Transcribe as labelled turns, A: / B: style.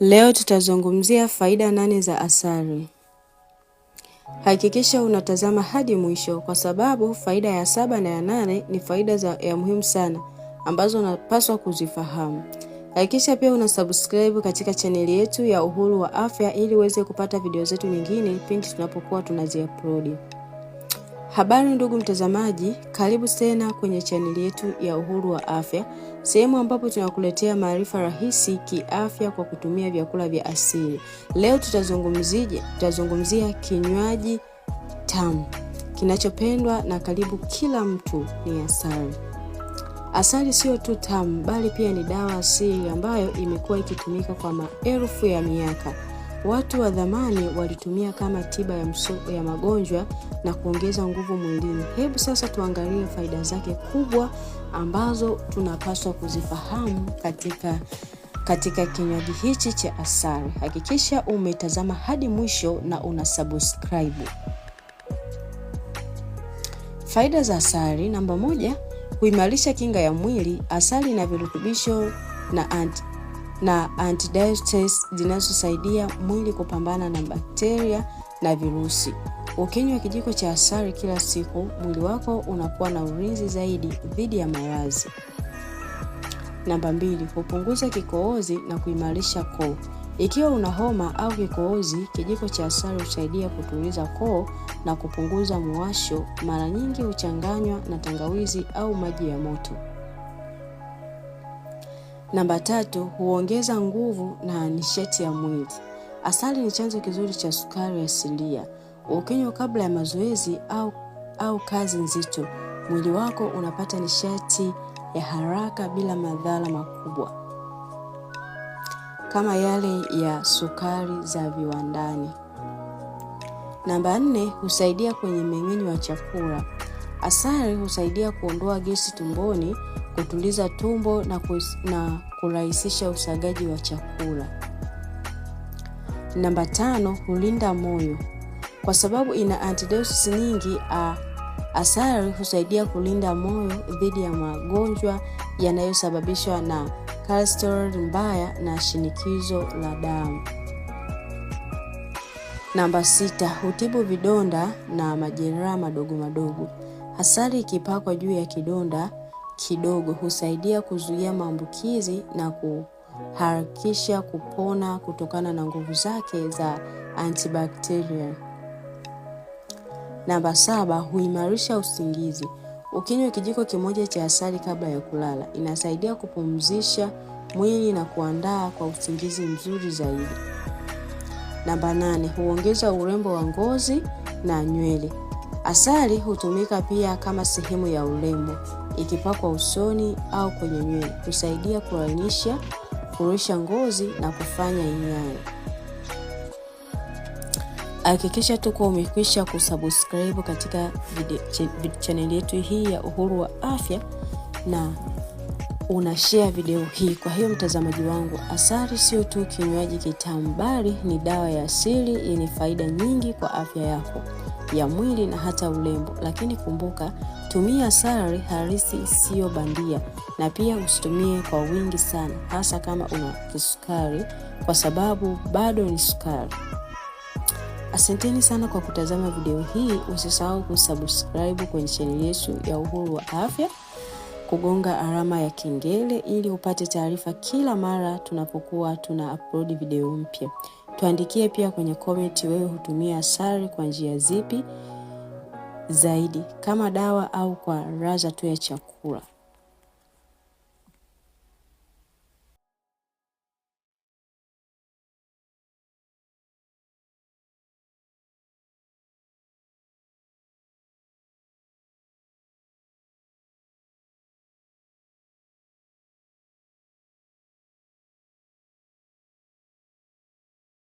A: Leo tutazungumzia faida nane za asali. Hakikisha unatazama hadi mwisho kwa sababu faida ya saba na ya nane ni faida za ya muhimu sana ambazo unapaswa kuzifahamu. Hakikisha pia una subscribe katika chaneli yetu ya Uhuru wa Afya ili uweze kupata video zetu nyingine pindi tunapokuwa upload. Habari ndugu mtazamaji, karibu tena kwenye chaneli yetu ya Uhuru wa Afya, sehemu ambapo tunakuletea maarifa rahisi kiafya kwa kutumia vyakula vya asili. Leo tutazungumzije? Tutazungumzia kinywaji tamu kinachopendwa na karibu kila mtu, ni asali. Asali sio tu tamu, bali pia ni dawa asili ambayo imekuwa ikitumika kwa maelfu ya miaka. Watu wa zamani walitumia kama tiba ya msongo ya magonjwa na kuongeza nguvu mwilini. Hebu sasa tuangalie faida zake kubwa ambazo tunapaswa kuzifahamu katika katika kinywaji hichi cha asali. Hakikisha umetazama hadi mwisho na una subscribe. Faida za asali, namba moja, kuimarisha kinga ya mwili. Asali ina virutubisho na anti na antibiotics zinazosaidia mwili kupambana na bakteria na virusi. Ukinywa kijiko cha asali kila siku, mwili wako unakuwa na ulinzi zaidi dhidi ya maradhi. Namba mbili, kupunguza kikohozi na kuimarisha koo. Ikiwa una homa au kikohozi, kijiko cha asali husaidia kutuliza koo na kupunguza mwasho. Mara nyingi huchanganywa na tangawizi au maji ya moto. Namba tatu, huongeza nguvu na nishati ya mwili. Asali ni chanzo kizuri cha sukari asilia. Ukinywa kabla ya mazoezi au, au kazi nzito, mwili wako unapata nishati ya haraka bila madhara makubwa kama yale ya sukari za viwandani. Namba nne, husaidia kwenye mmeng'enyo wa chakula. Asali husaidia kuondoa gesi tumboni kutuliza tumbo na, kus, na kurahisisha usagaji wa chakula. Namba tano, hulinda moyo kwa sababu ina antioxidants nyingi. asari husaidia kulinda moyo dhidi ya magonjwa yanayosababishwa na cholesterol mbaya na shinikizo la damu. Namba sita, hutibu vidonda na majeraha madogo madogo. hasari ikipakwa juu ya kidonda kidogo husaidia kuzuia maambukizi na kuharakisha kupona kutokana na nguvu zake za antibakteria. Namba saba, huimarisha usingizi. Ukinywa kijiko kimoja cha asali kabla ya kulala, inasaidia kupumzisha mwili na kuandaa kwa usingizi mzuri zaidi. Namba nane, huongeza urembo wa ngozi na nywele. Asali hutumika pia kama sehemu ya urembo ikipakwa usoni au kwenye nywele kusaidia kulainisha, kurusha ngozi na kufanya inyayo Hakikisha tu umekwisha kusubscribe katika chaneli yetu hii ya Uhuru wa Afya na una share video hii. Kwa hiyo mtazamaji wangu, asari sio tu kinywaji kitamu, bali ni dawa ya asili yenye faida nyingi kwa afya yako ya mwili na hata urembo. Lakini kumbuka Tumia salari halisi isiyo bandia, na pia usitumie kwa wingi sana, hasa kama una kisukari, kwa sababu bado ni sukari. Asanteni sana kwa kutazama video hii. Usisahau kusubscribe kwenye chaneli yetu ya Uhuru wa Afya, kugonga alama ya kengele ili upate taarifa kila mara tunapokuwa tuna upload video mpya. Tuandikie pia kwenye komenti, wewe hutumia sari kwa njia zipi? zaidi kama dawa au kwa ladha tu ya chakula.